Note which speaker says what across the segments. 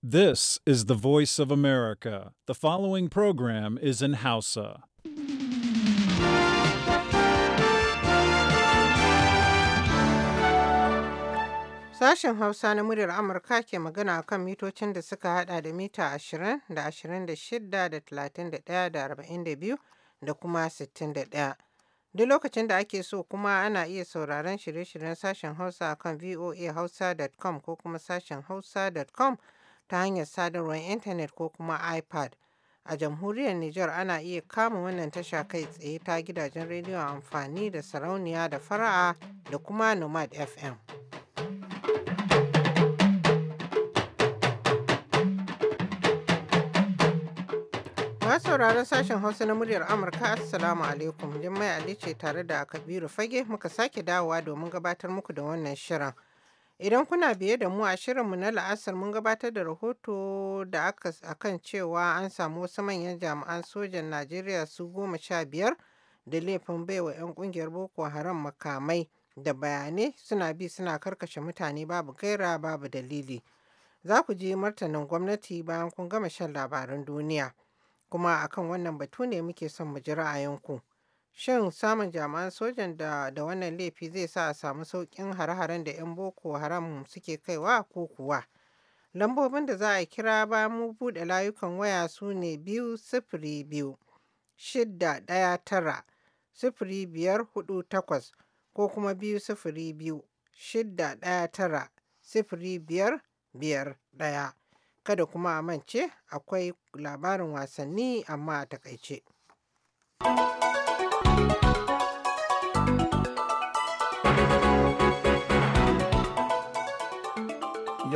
Speaker 1: This is the voice of America. The following program is in Hausa.
Speaker 2: Sashen Hausa na muryar Amurka ke magana kan mitocin da suka hada da mita 20 da 26 da 31 da 42 da kuma 61. Duk lokacin da ake so kuma ana iya sauraron shirye-shiryen sashen Hausa kan voahausa.com ko kuma sashen hausa.com ta hanyar sadarwar intanet ko kuma iPad. A jamhuriyar Nijar ana iya kama wannan tasha kai tsaye ta gidajen rediyon amfani da sarauniya da fara'a da kuma Nomad FM. Masu sauraron sashen Hausa na muryar Amurka Assalamu alaikum Jummai Ali ce tare da Kabiru Fage muka sake dawowa domin gabatar muku da wannan shirin. Idan kuna biye da mu a shirinmu na la'asar mun gabatar da rahoto da aka akan cewa an samu wasu manyan jami'an sojan Najeriya su goma sha biyar da laifin baiwa 'yan kungiyar Boko Haram makamai da bayanai suna bi suna karkashe mutane babu gaira babu dalili. Za ku je martanin gwamnati bayan kun gama shan labaran duniya. Kuma akan wannan batu ne muke son mu ji ra'ayinku. Shin samun jami'an sojan da da wannan laifi zai sa a samu sauƙin hare-haren da 'yan Boko Haram suke kaiwa ko kuwa? Lambobin da za a kira ba mu buɗe layukan waya su ne biyu sifiri biyu shidda ɗaya tara sifiri biyar hudu takwas ko kuma biyu sifiri biyu shidda ɗaya tara sifiri biyar biyar ɗaya. Kada kuma a mance akwai labarin wasanni amma a takaice.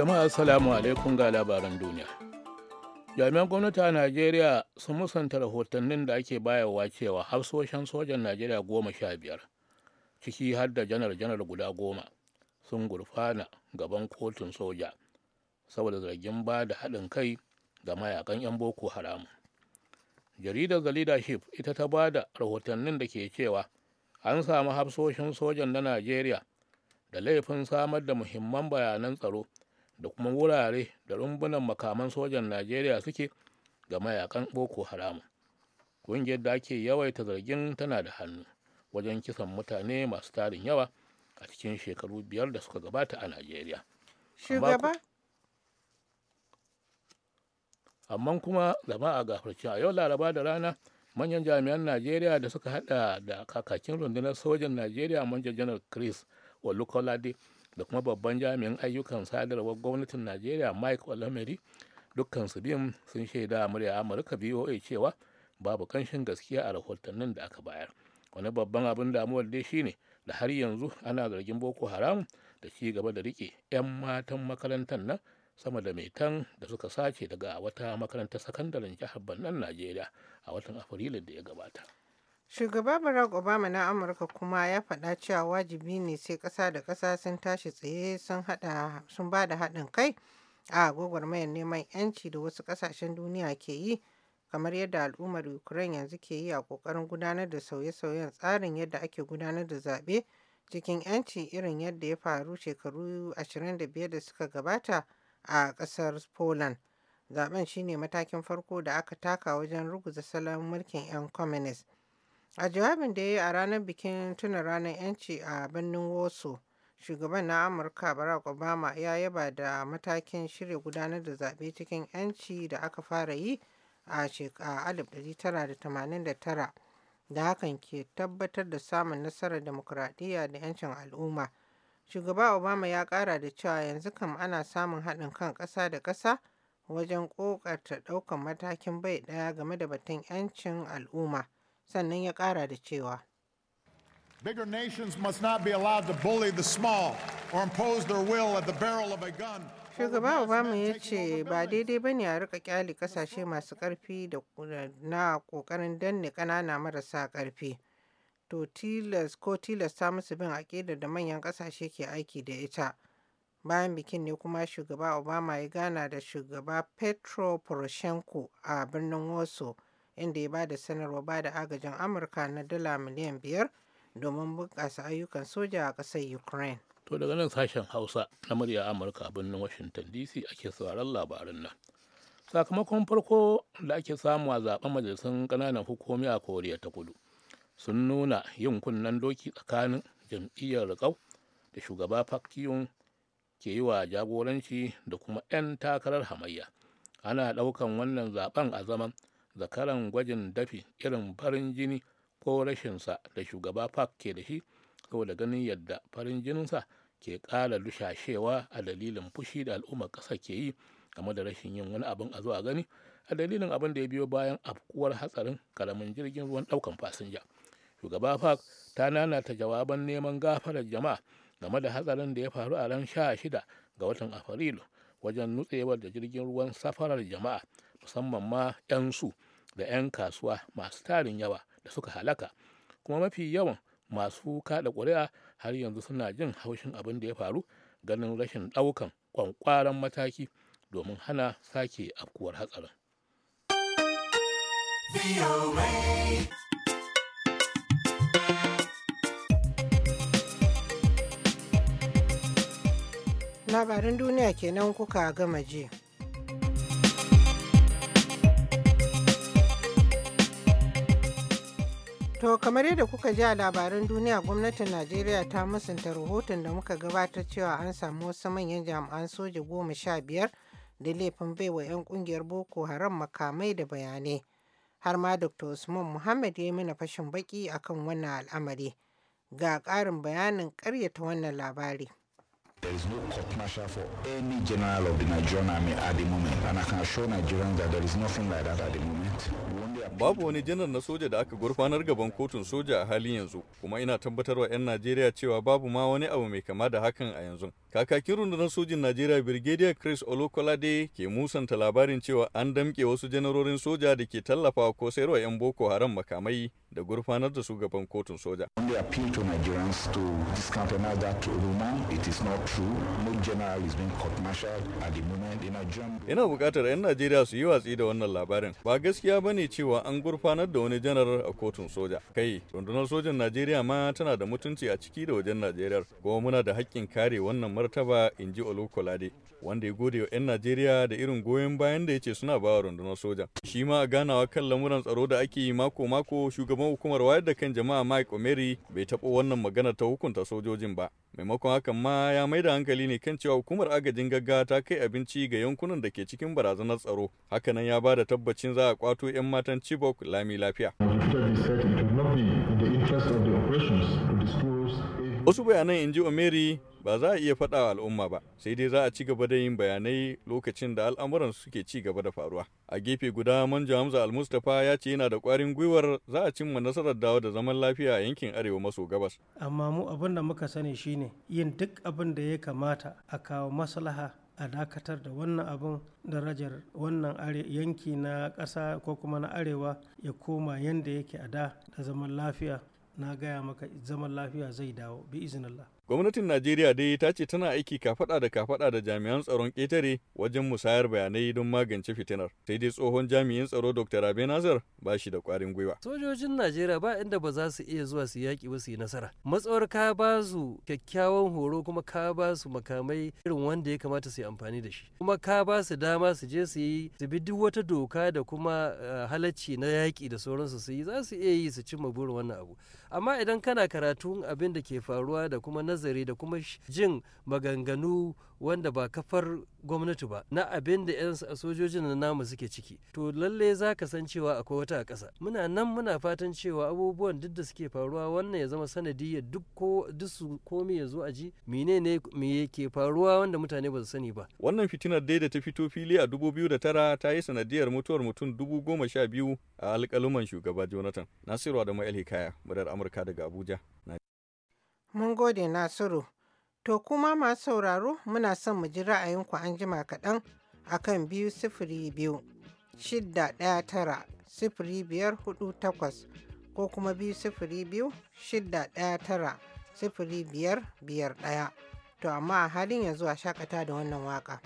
Speaker 3: jama'a salamu alaikum ga labaran duniya jami'an gwamnati a najeriya sun musanta rahotannin da ake bayarwa cewa hafsoshin sojan najeriya goma sha biyar ciki har da janar janar guda goma sun gurfana gaban kotun soja saboda zargin ba da haɗin kai ga mayakan 'yan boko haramu jaridar the leadership ita ta bada da rahotannin da ke cewa an samu hafsoshin sojan na najeriya da laifin samar da muhimman bayanan tsaro da kuma wurare da rumbunan makaman sojan najeriya suke ga mayakan boko haram ƙungiyar da ake yawaita zargin tana da hannu wajen kisan mutane masu tarin yawa a cikin shekaru biyar da suka gabata a najeriya shugaba amma kuma zama a gafarci a yau laraba da rana manyan jami'an najeriya da suka hada da kakakin rundunar sojan najeriya manja janar chris olukolade da kuma babban jami'in ayyukan sadarwar gwamnatin najeriya mike olamiri dukkan su biyun sun shaida murya amurka voa cewa babu kanshin gaskiya a rahotannin da aka bayar wani babban abin damuwar dai shine da har yanzu ana zargin boko haram da ci gaba da rike 'yan matan makarantar nan sama da metan da suka sace daga wata makarantar sakandaren jihar bannan najeriya a watan afrilu da ya gabata
Speaker 2: Shugaba Barack Obama na Amurka kuma ya faɗa cewa wajibi ne sai ƙasa da ƙasa sun tashi tsaye sun ba da haɗin kai a gwagwarmayar neman 'yanci da wasu ƙasashen duniya ke yi kamar yadda al'ummar Ukraine yanzu ke yi a ƙoƙarin gudanar da sauye-sauyen tsarin yadda ake gudanar da zaɓe cikin 'yanci irin yadda ya faru shekaru 25 da suka gabata a ƙasar Poland. Zaben shine matakin farko da aka taka wajen ruguza salon mulkin 'yan communist. A jawabin da ya yi a ranar bikin tuna ranar 'yanci a birnin Woso, shugaban na Amurka Barack Obama ya yaba da matakin shirya gudanar da zaɓe cikin 'yanci da aka fara yi a 1989 da hakan ke tabbatar da samun nasarar dimokuraɗiyya da 'yancin al'umma. Shugaba Obama ya ƙara da cewa yanzu kam ana samun haɗin kan ƙasa da ƙasa wajen ƙoƙarta ɗaukan matakin bai ɗaya game da batun 'yancin al'umma. sannan ya kara da cewa
Speaker 1: Bigger nations must not be allowed to
Speaker 2: bully the small or impose their will at the barrel of a gun. Shugaba Obama ya ce ba daidai ba ne a rika kyale kasashe masu karfi da na ƙoƙarin danne ƙanana marasa ƙarfi. To tilas ko tilasta musu bin aƙidar da manyan ƙasashe ke aiki da ita. Bayan bikin ne kuma shugaba Obama ya gana da shugaba Petro Poroshenko a birnin Warsaw. inda ya bada sanarwa bada agajin Amurka na dala miliyan biyar domin bunƙasa ayyukan soja a ƙasar Ukraine.
Speaker 3: To daga nan sashen Hausa na murya Amurka birnin Washington DC ake sauraron labarun nan. Sakamakon farko da ake samu a zaben majalisun ƙananan hukumi a Koriya ta Kudu sun nuna yin kunnen doki tsakanin jam'iyyar rikau da shugaba Park ke yi wa jagoranci da kuma 'yan takarar hamayya. Ana ɗaukan wannan zaben a zaman zakaran gwajin dafi irin farin jini ko rashinsa da shugaba park ke da shi saboda ganin yadda farin jininsa ke ƙara lushashewa a dalilin fushi da al'umma ƙasa ke yi game da rashin yin wani abin a zuwa gani a dalilin abin da ya biyo bayan afkuwar hatsarin karamin jirgin ruwan ɗaukan fasinja shugaba park ta nanata jawaban neman gafarar jama'a game da hatsarin da ya faru a ran sha shida ga watan afrilu wajen nutsewar da jirgin ruwan safarar jama'a musamman ma 'yan su da 'yan kasuwa masu tarin yawa da suka halaka kuma mafi yawan masu kada ƙuri'a har yanzu suna jin haushin abin da ya faru ganin rashin ɗaukan kwankwaran mataki domin hana sake afkuwar hatsarin.
Speaker 2: labarin duniya kenan kuka gama jiya. To kamar yadda kuka ji a labaran duniya gwamnatin Najeriya ta musanta rahoton da muka gabatar cewa an samu wasu manyan jami'an soja goma sha biyar da laifin baiwa 'yan kungiyar Boko Haram makamai da bayanai. Har ma Dr. Usman Muhammad ya yi mana fashin baki akan wannan al'amari. Ga ƙarin bayanin ƙaryata wannan labari.
Speaker 4: There is no court martial for any general of the Nigerian army at the moment, and I can assure Nigerians that there is nothing like that at the moment. Babu wani janar na soja da aka gurfanar gaban kotun soja a halin yanzu, kuma ina tabbatarwa 'yan Najeriya cewa babu ma wani abu mai kama da hakan a yanzu. Kakakin rundunar sojin Najeriya Brigadier Chris Olokolade ke musanta labarin cewa an damke wasu janarorin soja da ke tallafa ko sayarwa 'yan Boko Haram makamai da gurfanar da shugaban kotun soja. Yana bukatar 'yan Najeriya su yi watsi da wannan labarin. Ba gaskiya ba ne cewa an gurfanar da wani janar a kotun soja. Kai, rundunar sojan Najeriya ma tana da mutunci a ciki da wajen Najeriya, kuma muna da haƙƙin kare wannan martaba inji olukolade wanda ya gode wa 'yan najeriya da irin goyon bayan da ya ce suna bawa rundunar soja shi ma a ganawa kan lamuran tsaro da ake yi mako mako shugaban hukumar wayar da kan jama'a mike omeri bai taɓa wannan magana ta hukunta sojojin ba maimakon hakan ma ya maida hankali ne kan cewa hukumar agajin gaggawa ta kai abinci ga yankunan da ke cikin barazanar tsaro hakanan ya ba da tabbacin za a kwato 'yan matan chibok lami lafiya wasu bayanan in ji omeri ba za a iya faɗa wa al'umma ba sai dai za a ci gaba da yin bayanai lokacin da al'amuran suke ci gaba da faruwa a gefe guda manja hamza almustapha ya ce yana da ƙwarin gwiwar za a cimma nasarar dawo da zaman lafiya a yankin arewa maso gabas
Speaker 2: amma mu abin da muka sani shine yin duk abin da ya kamata a kawo maslaha a dakatar da wannan abin darajar wannan yanki na ƙasa ko kuma na arewa ya koma yadda
Speaker 5: yake a da da zaman lafiya na gaya maka zaman lafiya zai dawo bi iznillah
Speaker 4: Gwamnatin Najeriya dai ta ce tana aiki kafada da kafaɗa da jami'an tsaron ƙetare wajen musayar bayanai don magance fitinar. Sai dai tsohon jami'in tsaro Dr. Abe Nazar ba shi da kwarin gwiwa.
Speaker 6: Sojojin Najeriya ba inda ba za su iya zuwa su yaƙi ba su yi nasara. Matsawar ka ba su kyakkyawan horo kuma ka ba su makamai irin wanda ya kamata su yi amfani da shi. Kuma ka ba su dama su je su yi su bi duk wata doka da kuma eh, halacci na yaƙi da sauransu su yi za su iya yi su cimma burin wannan abu. Amma idan kana karatun abin da ke faruwa da kuma na nazari da kuma jin maganganu wanda ba kafar gwamnati ba na abin da 'yan sojojin na namu suke ciki to lalle za ka san cewa akwai wata a ƙasa muna nan muna fatan cewa abubuwan duk da suke faruwa wannan ya zama sanadi ya duk ko duk su komai ya zo a ji menene me yake faruwa wanda mutane ba su sani ba wannan fitinar dai da ta fito fili
Speaker 4: a 2009 ta yi sanadiyar mutuwar mutum biyu a alƙaluman shugaba Jonathan Nasiru da Ma'el Hikaya murar Amurka daga Abuja
Speaker 2: Mun gode Nasiru. To kuma masu sauraro muna son mu ji ra'ayinku an jima kaɗan a kan biyu sifiri biyu shidda ɗaya tara sifiri biyar hudu takwas ko kuma biyu sifiri biyu shidda ɗaya tara sifiri biyar biyar ɗaya. To amma a halin yanzu a shakata da wannan waka.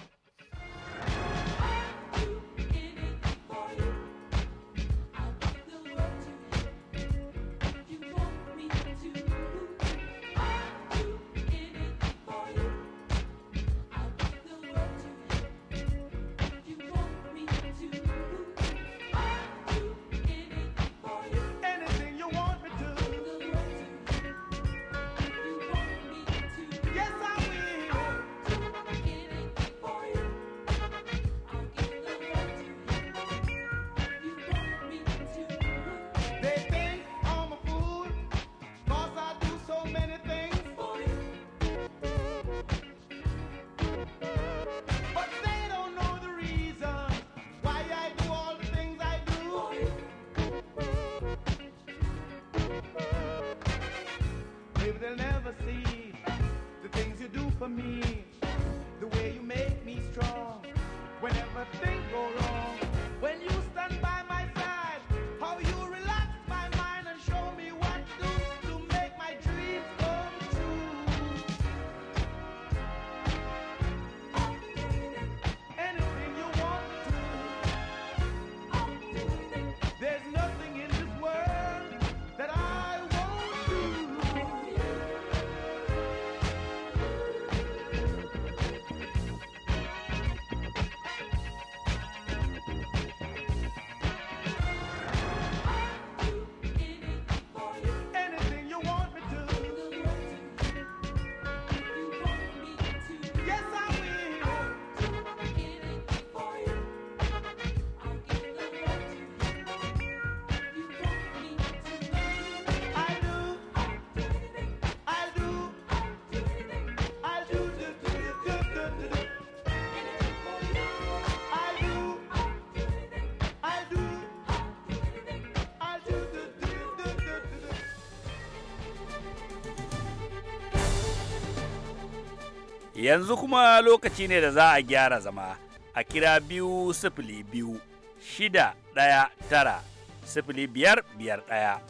Speaker 5: yanzu kuma lokaci ne da za a gyara zama a kira biyu sifili biyu shida ɗaya tara sifili biyar biyar ɗaya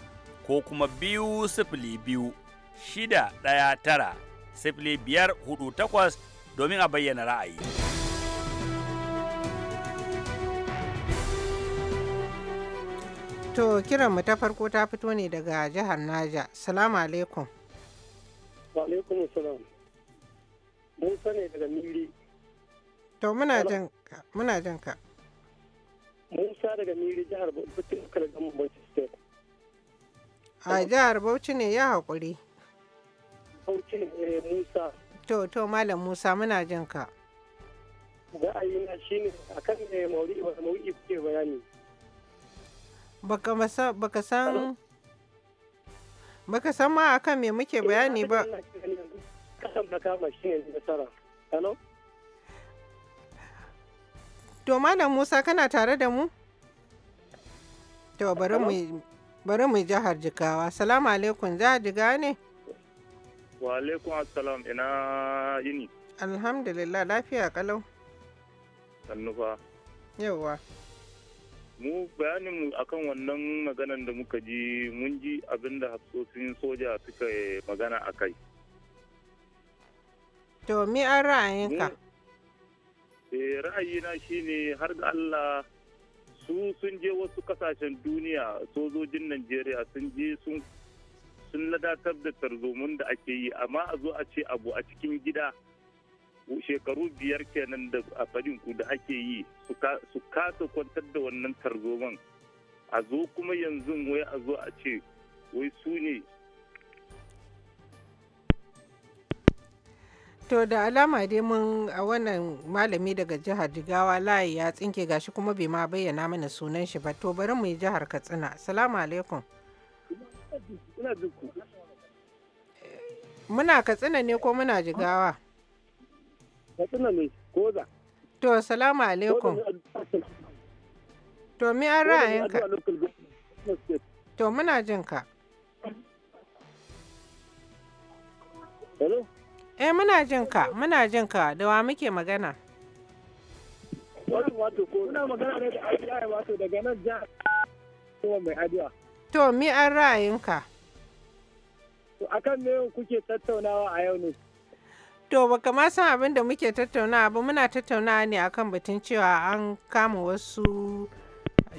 Speaker 5: ko kuma biyu sifili biyu shida ɗaya tara sifili biyar hudu takwas domin a bayyana ra'ayi.
Speaker 2: To kiran mu ta farko ta fito ne daga jihar Naja. Salamu alaikum.
Speaker 5: Wa alaikum salam. Musa ne daga Miri.
Speaker 2: To muna jan ka, muna jan ka.
Speaker 5: Musa daga Miri jihar Bauchi daga Bauchi A jihar
Speaker 2: Bauchi ne ya haƙuri.
Speaker 5: Bauchi ne eh, Musa.
Speaker 2: To to Malam Musa muna jin ka.
Speaker 5: Za a yi na Ra'ayina shine akan eh, maudu'i wa maudu'i kuke bayani.
Speaker 2: Baka masa baka san baka san ma akan me muke eh, bayani ba.
Speaker 5: kasan kama shi nasara hello
Speaker 2: to malam musa kana tare da mu to bari mu bari jihar jigawa salamu alaikum jihar jigawa ne
Speaker 5: wa alaikum assalam ina yini
Speaker 2: alhamdulillah lafiya kalau sannufa yawwa
Speaker 5: mu bayanin akan wannan maganan da muka ji mun ji abinda hafsoshin soja suka magana a kai
Speaker 2: To mi an ra'ayinka?
Speaker 5: Eh ra'ayina ne har da Allah su sun je wasu kasashen duniya sojojin Najeriya sun je sun ladatar da tarzomin da ake yi amma a zo a ce abu a cikin gida shekaru biyar kenan da a ku da ake yi su kasa kwantar da wannan tarzoman a zo kuma yanzu wai a zo a ce wai su ne
Speaker 2: To da alama dai mun a wannan malami daga jihar Jigawa layi ya tsinke gashi kuma bai ma bayyana mana sunan shi ba to bari mu yi jihar Katsina. Salamu alaikum. Muna Katsina ne ko muna Jigawa?
Speaker 5: Katsina ne, koza.
Speaker 2: To salamu alaikum. To mi an ka To muna jinka. Hello? Eh muna jin ka, muna jin ka, da wa muke magana?
Speaker 5: wato ko muna magana ne da Abdullahi wato daga nan ja kuma mai ajiya.
Speaker 2: To mi an ra'ayinka? To akan me kuke tattaunawa a yau ne? To ba ma san abin da muke tattaunawa ba muna tattaunawa ne akan batun cewa an kama wasu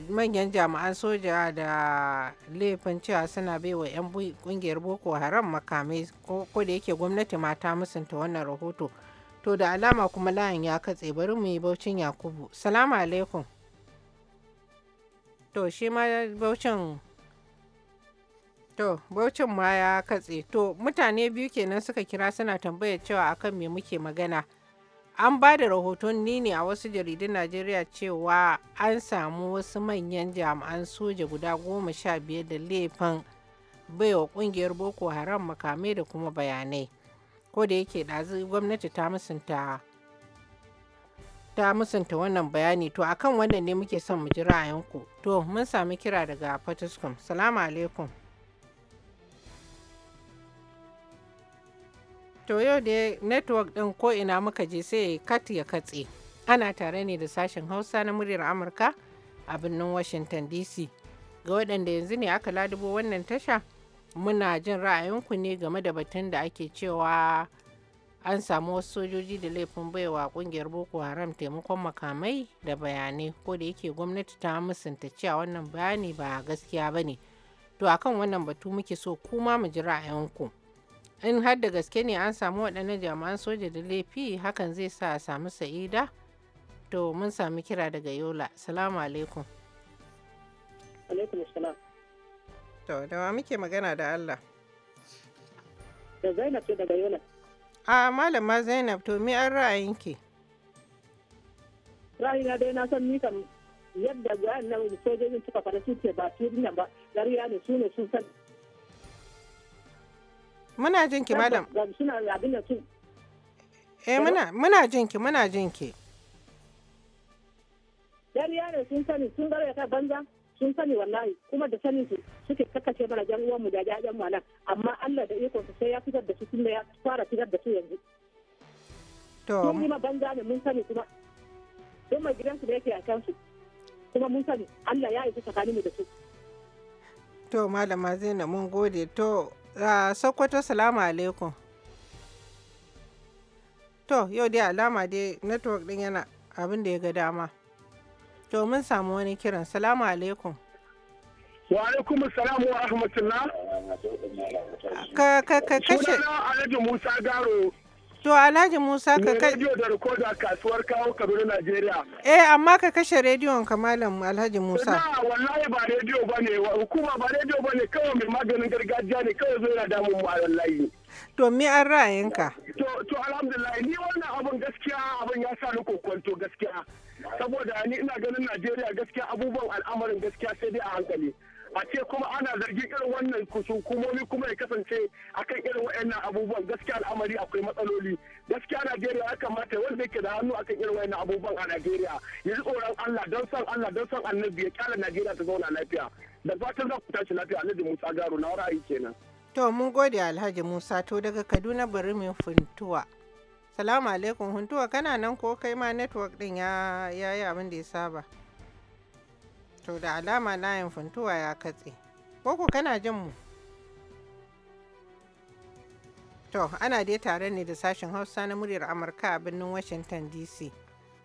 Speaker 2: manyan jami'an soja da laifin cewa suna bai wa 'yan kungiyar boko haram makamai ko da yake gwamnati mata ta musunta wannan rahoto to da alama kuma layin ya katse bari mu yi baucin yakubu salamu alaikum to shi ma baucin to baucin ma ya katse to mutane biyu kenan suka kira suna tambayar cewa akan me muke magana an ba da rahoton nini a wasu jaridun najeriya cewa an samu wasu manyan jami'an soja guda goma sha biyar da laifin baiwa kungiyar boko haram makamai da kuma bayanai ko da yake ɗazu gwamnati ta musunta ta musanta wannan bayani to akan wannan ne muke son mu ji ra'ayinku to mun sami kira daga fatiskum salamu alaikum To yau da network ɗin ko ina muka je sai kat ya katse. Ana tare ne da sashen Hausa na muryar Amurka a birnin Washington DC. Ga waɗanda yanzu ne aka ladubo wannan tasha, muna jin ra'ayinku ne game da batun da ake cewa an samu wasu sojoji da laifin baiwa kungiyar Boko Haram taimakon makamai da bayanai ko da yake gwamnati ta musanta cewa wannan bayani ba gaskiya ba ne. To akan wannan batu muke so kuma mu ji ra'ayinku. in har da gaske ne an samu waɗannan jami'an soja da laifi hakan zai sa a samu sa'ida to mun samu kira daga yola salamu alaikum to dawa muke magana da allah
Speaker 5: da zainab ce daga yola
Speaker 2: a malama zainab to mi an ra'ayinki ra'ayina dai na san ni kam yadda nan sojojin suka fara su ba su nan ba ƙarya ne su ne sun san Muna jin ki madam. Eh muna muna jin ki muna jin ki.
Speaker 5: Yar yaro sun sani sun gare ta banza sun sani wallahi kuma da sanin su suke kakkace mana jan uwan mu da jajan mu amma Allah da iko su sai ya fitar da su da ya fara fitar da su yanzu. To. Sun yi ma banza ne mun sani kuma. Don mai gidansu da yake a su Kuma mun sani Allah ya isa tsakaninmu da su.
Speaker 2: To malama Zainab mun gode to uh, sokoto salamu alaikum to yau dai alama dai network din yana abin da ya ga dama to mun samu wani kiran salamu alaikum wa alaikum salam wa rahmatullah ka ka ka kashe alhaji musa garo To Alhaji Musa ka kai. rediyo da rikoda kasuwar kawo Kaduna Najeriya. Eh amma ka kashe rediyon ka malam Alhaji Musa. Eh,
Speaker 5: na wallahi ba rediyo bane hukuma ba rediyo bane kawai mai maganin gargajiya ne kawai zo yana damun mu wallahi.
Speaker 2: To me an ra'ayinka?
Speaker 5: To to alhamdulillah ni wannan abun gaskiya abun ya sa ni kokonto gaskiya. Saboda ni ina ganin Najeriya gaskiya abubuwan al'amarin gaskiya sai dai a hankali. a ce kuma ana zargin irin wannan kusukumomi kuma ya kasance akan irin wayannan abubuwan gaskiya al'amari akwai matsaloli gaskiya Najeriya ya kamata wanda yake da hannu akan irin wayannan abubuwan a Najeriya ya ji tsoron Allah don san Allah don san annabi ya kyala Najeriya ta zauna lafiya da fatan za ku tashi lafiya Alhaji Musa Garo na ra'ayi kenan.
Speaker 2: To mun gode Alhaji Musa to daga Kaduna bari mu funtuwa. Salamu alaikum huntuwa kana nan ko kai ma network din ya abin da ya saba. To da alama layin funtuwa ya katse. Koko kana jin mu? To, ana dai tare ne da sashen Hausa na muryar Amurka a birnin Washington DC.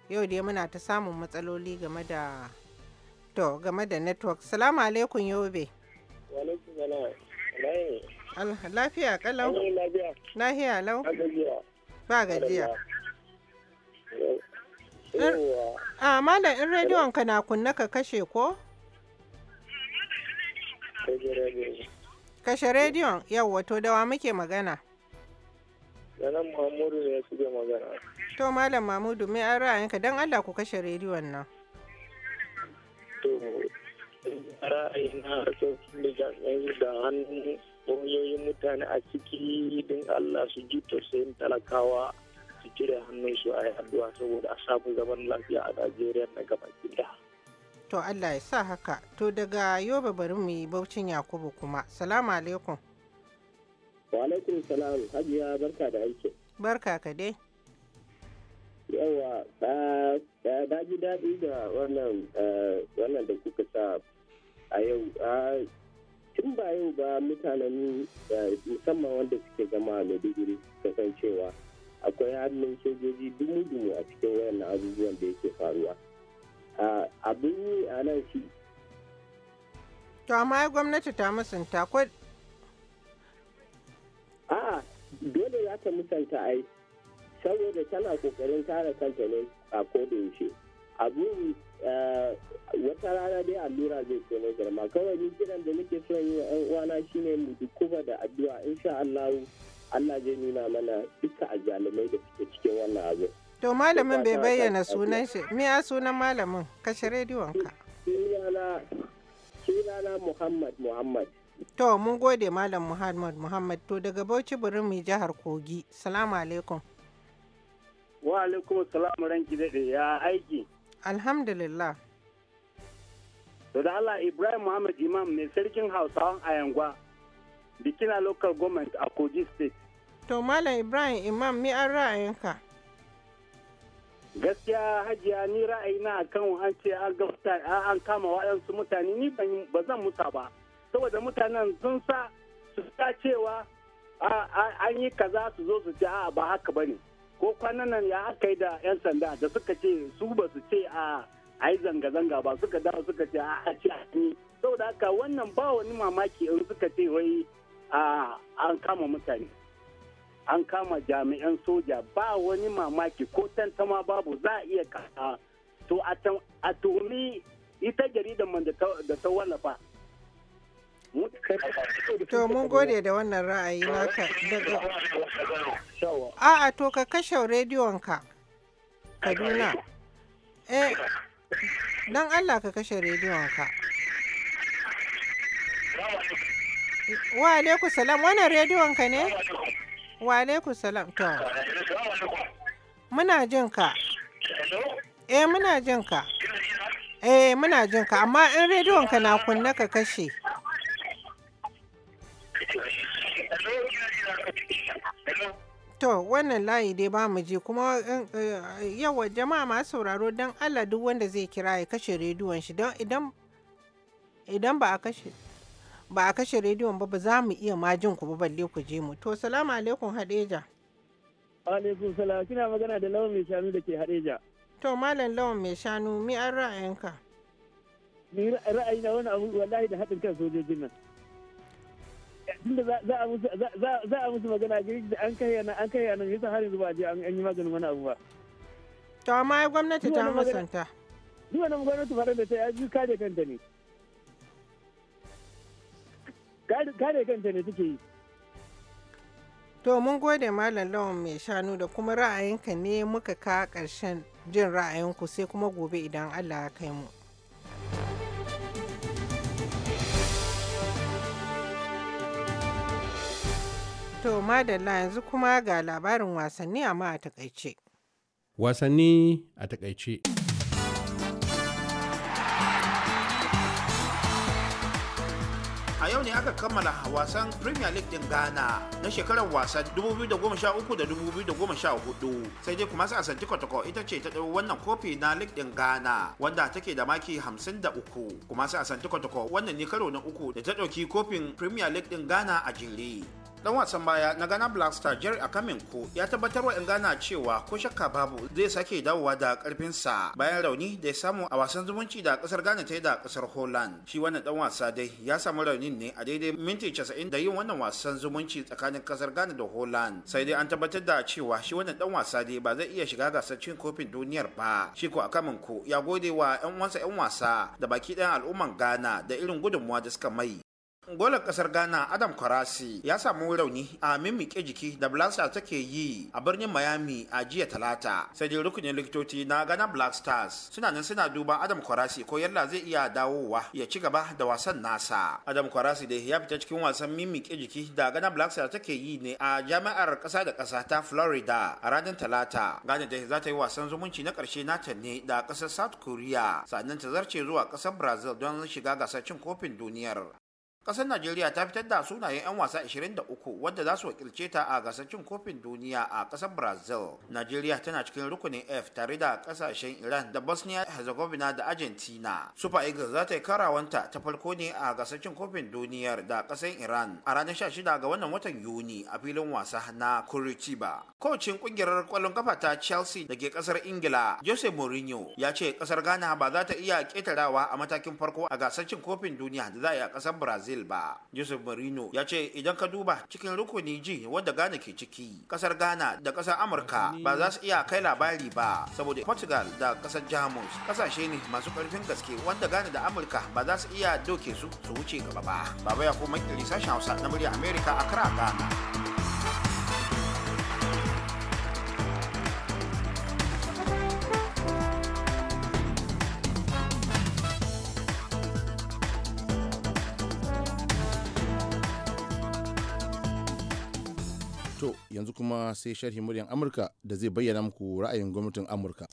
Speaker 2: Yau dai muna ta samun matsaloli game da to game da network. Salamu alaikum Yobe. Lafiya kalau? Lafiya lau? Ba gajiya. A malam in rediyon ka na kunna ka kashe ko? Kashe rediyon yau wato dawa muke magana.
Speaker 5: Malam Mahmudu ne suke magana.
Speaker 2: To Malam Mahmudu me an ra'ayin ka, don Allah ku kashe rediyon nan.
Speaker 5: To sun da jami'ai da hannun ƙungiyoyin mutane a ciki don Allah su ji tausayin talakawa su cire hannun su a yi addu'a saboda a samu zaman lafiya a Najeriya na
Speaker 2: gaba gida. To Allah ya sa haka. To daga yoba bari mu yi Baucin Yakubu kuma. Salamu alaikum.
Speaker 5: Wa alaikum salam. Hajiya barka da aiki.
Speaker 2: Barka ka dai.
Speaker 5: Yawa, na ji daɗi da wannan da kuka sa a yau. Tun ba yau ba mutanen musamman wanda suke zama a Maiduguri kasancewa akwai hannun sojoji dumu-dumu a cikin wayannan abubuwan da yake faruwa abin yi a nan shi
Speaker 2: to amma gwamnati ta musanta ko a'a dole za
Speaker 5: ta musanta ai saboda tana kokarin kare kanta ne a koda yaushe abin eh, wata rana dai allura zai ce mai girma kawai ni kiran da nake son yi wa 'yan uwana shine mu kuma da addu'a insha Allah Allah zai nuna mana duka azzalumai da suke cikin wannan abu. To malamin bai bayyana sunan
Speaker 2: shi, me ya sunan malamin? Kashe rediyonka. Sunana Muhammad Muhammad. To mun gode malam Muhammad Muhammad to daga Bauchi birin mai jihar Kogi. Salamu alaikum.
Speaker 5: Wa alaikum salam ranki daɗe ya aiki.
Speaker 2: Alhamdulillah.
Speaker 5: To da Allah Ibrahim Muhammad Imam ne sarkin Hausawan Ayangwa. bikina local government a kogi state
Speaker 2: to malam ibrahim imam mi an ra'ayinka
Speaker 5: gaskiya hajiya ni ra'ayina akan an ce an kama waɗansu mutane ni ba zan muta ba saboda mutanen sun sa su ta cewa an yi kaza su zo su ce a ba haka ba ne ko kwanan nan ya aka yi da 'yan sanda da suka ce su ba su ce a a yi zanga-zanga ba suka dawo suka ce a ce a ni saboda haka wannan ba wani mamaki in suka ce wai an kama mutane an kama jami'an soja ba wani mamaki ko tantama babu za a iya kasa to a tuhumi ita jaridar man da ta wallafa To
Speaker 2: mun gode da wannan ra'ayi naka daga A'a to ka kashe rediyon ka Kaduna. Eh, don Allah ka kashe rediyon ka. Wa alaikum salam wannan rediyon ka ne? Wa alaikum salam to. Muna jin ka. Eh muna jin ka. Eh muna jin ka amma in rediyon ka na kunna ka kashe. To wannan layi dai ba mu je kuma eh, yawa jama'a masu sauraro don Allah duk wanda zai kira ya kashe rediyon shi don idan ba a kashe. ba a kashe rediyon ba ba za mu iya ma jin ku ba balle ku je mu to salamu alaikum hadeja
Speaker 5: alaikum salam kina magana da lawan mai shanu da ke hadeja
Speaker 2: to malam lawan mai shanu mi an
Speaker 5: ra'ayinka mi ra'ayi na wani abu wallahi da haɗin kan sojojin nan tunda za a musu magana girgi da an kai yana an kai yana yasa har yanzu ba je an yi maganin wani abu ba to amma gwamnati ta musanta
Speaker 2: duk wani gwamnati fara da ta yi kaje kanta ne kare kanta ne take yi to mun gode malam lawan mai shanu da kuma ra'ayinka ne muka ka ƙarshen jin ra'ayinku sai kuma gobe idan allah ya kai mu to madalla yanzu kuma ga labarin wasanni amma a takaice
Speaker 4: wasanni a takaice
Speaker 7: a yau ne aka kammala wasan premier league din ghana na shekarar wasan 2013 da 2014 sai dai kuma sa kwatakwa ita ce ta ɗau wannan kofi na league din ghana wanda take da maki 53 kuma sa kwatakwa wannan ne karo na uku da ta ɗauki kofin premier league din ghana a jere dan wasan baya na ghana black star jerry akaminko ya tabbatar wa ghana cewa ko shakka babu zai sake dawowa da karfinsa bayan rauni da ya samu a wasan zumunci da kasar ghana ta yi da kasar holland shi wannan dan wasa dai ya samu raunin ne a daidai minti 90 da yin wannan wasan zumunci tsakanin kasar ghana da holland sai dai an tabbatar da cewa shi wannan dan wasa dai ba zai iya shiga gasar cin kofin duniyar ba shi ko akaminko ya gode wa yan wasa yan wasa da baki ɗayan al'umman ghana da irin gudunmuwa da suka mai Gola kasar Ghana Adam Kwarasi ya samu rauni a mimike jiki da Blaster take yi a birnin Miami a jiya talata. Sai dai rukunin likitoci na Ghana Black Stars suna nan suna duban Adam Kwarasi ko yalla zai iya dawowa ya ci gaba da wasan nasa. Adam Kwarasi dai ya fita cikin wasan mimike jiki da Ghana Black Stars take yi ne a jami'ar kasa da kasa ta Florida a ranar talata. Ghana dai za ta yi wasan zumunci na karshe nata ne da kasar South Korea sannan ta zarce zuwa kasar Brazil don shiga gasar cin kofin duniyar. Ƙasar Najeriya ta fitar da sunayen 'yan wasa 23 wadda za su wakilce ta a gasar cin kofin duniya a ƙasar Brazil. Najeriya tana cikin rukunin F tare da ƙasashen Iran da Bosnia Herzegovina da Argentina. Super Eagles za ta yi karawanta ta farko ne a gasar cin kofin duniyar da ƙasar Iran a ranar 16 ga wannan watan Yuni a filin wasa na Curitiba. Kocin ƙungiyar kwallon kafa ta Chelsea da ke ƙasar Ingila Jose Mourinho ya ce ƙasar Ghana ba za ta iya ƙetarawa a matakin farko a gasar cin kofin duniya da za a yi a ƙasar Brazil brazil ba yusuf marino ya ce idan ka duba cikin rukuni ji wanda ghana ke ciki kasar ghana da kasar amurka ba za su iya kai labari ba saboda portugal da kasar jamus kasashe ne masu karfin gaske wanda ghana da amurka ba za su iya doke su su wuce gaba ba baba ya kuma kiri sashen hausa na murya america a kara ghana
Speaker 8: To yanzu kuma sai sharhi muryan Amurka da zai bayyana muku ra'ayin gwamnatin Amurka.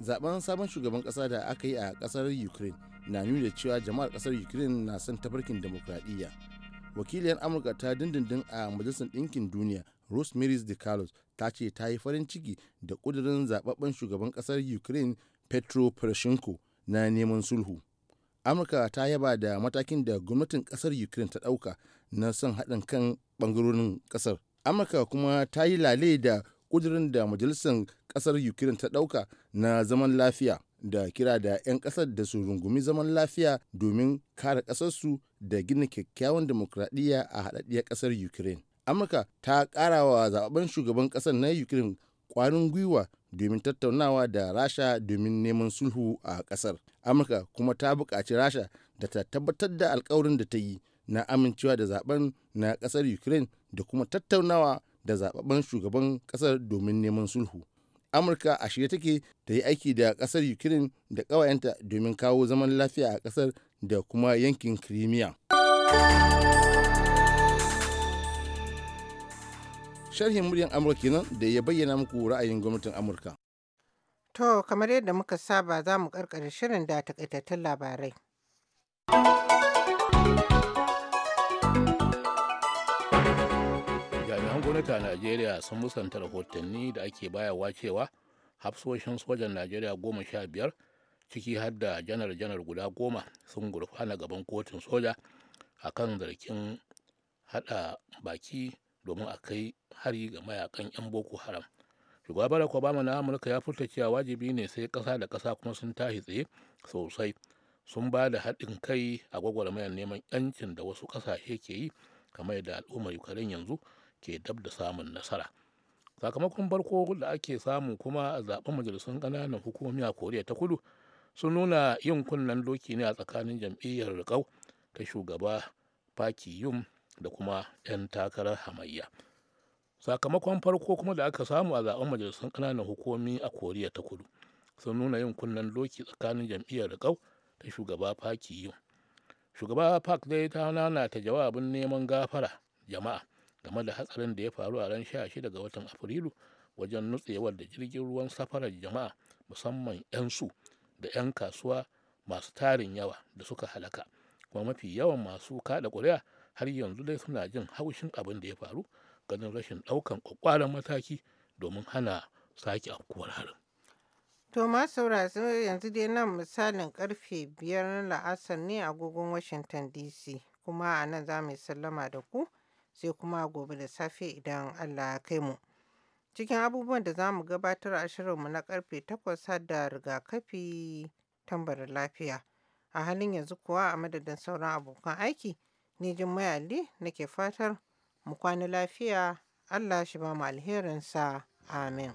Speaker 8: Zaben sabon shugaban kasa da aka yi a kasar Ukraine na nuna cewa jama'ar kasar Ukraine na son tafarkin demokradiyya. Wakiliyar Amurka ta dindindin a Majalisar dinkin Duniya Rosemary carlos ta ce ta yi farin ciki da ƙudurin zababben shugaban kasar Ukraine Petro Poroshenko na neman sulhu. amurka ta yaba da matakin da gwamnatin kasar ukraine ta dauka na son haɗin kan ɓangarorin kasar amurka kuma ta yi lale da kudurin da majalisar kasar ukraine ta dauka na zaman lafiya da kira da 'yan kasar da su rungumi zaman lafiya domin kare kasarsu da gina kyakkyawan demokradiyya a haɗaɗɗiyar kasar ukraine amurka ta ƙara wa zaɓen shugaban kasar na ukraine kwarin gwiwa domin tattaunawa da rasha domin neman sulhu a kasar amurka kuma ta buƙaci rasha da ta tabbatar da alkawarin da ta yi na amincewa da zaben na kasar ukraine da kuma tattaunawa da zababben shugaban kasar domin neman sulhu amurka a shirye take ta yi aiki da kasar ukraine da ƙawayenta domin kawo zaman lafiya a kasar da kuma yankin crimea sharhin muryan amurka kenan da ya bayyana muku ra'ayin gwamnatin amurka
Speaker 2: to kamar yadda muka saba za mu karkare shirin da takaitattun labarai
Speaker 3: jami'an gwamnati a najeriya sun musanta rahotanni da ake bayarwa cewa hafsoshin sojan najeriya goma sha biyar ciki har da janar-janar guda goma sun gurfana gaban kotun soja a kan zargin hada baki domin a kai hari ga mayakan 'yan boko haram shugaba barak obama na amurka ya furta cewa wajibi ne sai kasa da kasa kuma sun tashi tsaye sosai sun ba da haɗin kai a gwagwarmayar neman 'yancin da wasu ƙasashe ke yi kamar da al'ummar ukraine yanzu ke dab da samun nasara sakamakon farko da ake samu kuma a zaben majalisun ƙananan hukumomi a koriya ta kudu sun nuna yin kunnen doki ne a tsakanin jam'iyyar rikau ta shugaba paki yum da kuma 'yan takarar hamayya sakamakon farko kuma da aka samu a zaben majalisar ƙananan hukumi a koriya ta kudu sun nuna yin kunnen doki tsakanin jam'iyyar kau ta shugaba paki yau shugaba park dai ta ta jawabin neman gafara jama'a game da hatsarin da ya faru a ran 16 ga watan afrilu wajen nutsewar da jirgin ruwan safarar jama'a musamman 'yan su da 'yan kasuwa masu tarin yawa da suka halaka kuma mafi yawan masu kada ƙuri'a har yanzu dai suna jin haushin abin da ya faru ganin rashin ɗaukan ƙwaƙwaran mataki domin hana sake afkuwar harin.
Speaker 2: To ma saurasi yanzu dai nan misalin karfe biyar na la'asar ne a agogon Washington DC kuma a nan za mu sallama da ku sai kuma gobe da safe idan Allah ya kai mu. Cikin abubuwan da za mu gabatar a shirinmu na karfe takwas da rigakafi tambarin lafiya. A halin yanzu kuwa a madadin sauran abokan aiki, ni Jummai Ali nake fatar mu kwana lafiya, Allah shi ba mu alherinsa. Amin.